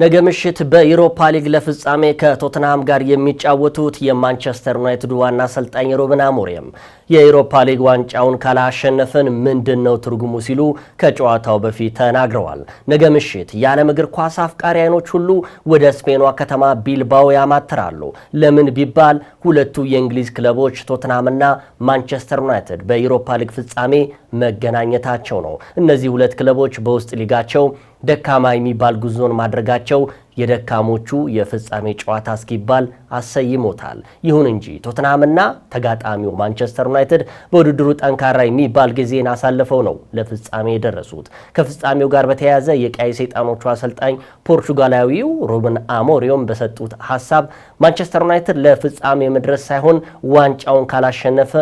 ነገ ምሽት በዩሮፓ ሊግ ለፍጻሜ ከቶትንሃም ጋር የሚጫወቱት የማንቸስተር ዩናይትድ ዋና አሰልጣኝ ሩበን አሞሪም የዩሮፓ ሊግ ዋንጫውን ካላሸነፍን ምንድን ነው ትርጉሙ ሲሉ ከጨዋታው በፊት ተናግረዋል። ነገ ምሽት የዓለም እግር ኳስ አፍቃሪ አይኖች ሁሉ ወደ ስፔኗ ከተማ ቢልባኦ ያማትራሉ። ለምን ቢባል ሁለቱ የእንግሊዝ ክለቦች ቶትንሃምና ማንቸስተር ዩናይትድ በዩሮፓ ሊግ ፍጻሜ መገናኘታቸው ነው። እነዚህ ሁለት ክለቦች በውስጥ ሊጋቸው ደካማ የሚባል ጉዞን ማድረጋቸው የደካሞቹ የፍጻሜ ጨዋታ እስኪባል አሰይሞታል። ይሁን እንጂ ቶትናምና ተጋጣሚው ማንቸስተር ዩናይትድ በውድድሩ ጠንካራ የሚባል ጊዜን አሳልፈው ነው ለፍጻሜ የደረሱት። ከፍጻሜው ጋር በተያያዘ የቀይ ሰይጣኖቹ አሰልጣኝ ፖርቹጋላዊው ሮብን አሞሪዮም በሰጡት ሀሳብ ማንቸስተር ዩናይትድ ለፍጻሜ መድረስ ሳይሆን ዋንጫውን ካላሸነፈ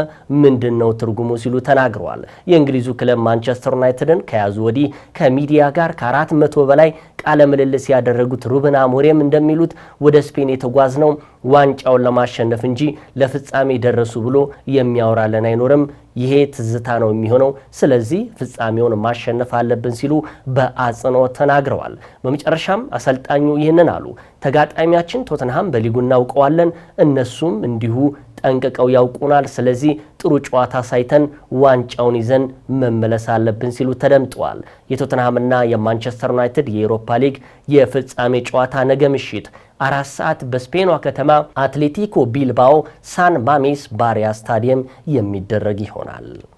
ምንድን ነው ትርጉሙ ሲሉ ተናግረዋል። የእንግሊዙ ክለብ ማንቸስተር ዩናይትድን ከያዙ ወዲህ ከሚዲያ ጋር ከአራት መቶ በላይ ቃለ ምልልስ ያደረጉት ሩበን አሞሬም እንደሚሉት ወደ ስፔን የተጓዝ ነው ዋንጫውን ለማሸነፍ እንጂ ለፍጻሜ ደረሱ ብሎ የሚያወራለን አይኖርም። ይሄ ትዝታ ነው የሚሆነው። ስለዚህ ፍጻሜውን ማሸነፍ አለብን ሲሉ በአጽንኦት ተናግረዋል። በመጨረሻም አሰልጣኙ ይህንን አሉ። ተጋጣሚያችን ቶተንሃም በሊጉ እናውቀዋለን፣ እነሱም እንዲሁ ጠንቅቀው ያውቁናል። ስለዚህ ጥሩ ጨዋታ ሳይተን ዋንጫውን ይዘን መመለስ አለብን ሲሉ ተደምጠዋል። የቶተንሃምና የማንቸስተር ዩናይትድ የኤሮፓ ሊግ የፍጻሜ ጨዋታ ነገ ምሽት አራት ሰዓት በስፔኗ ከተማ አትሌቲኮ ቢልባኦ ሳን ማሜስ ባሪያ ስታዲየም የሚደረግ ይሆናል።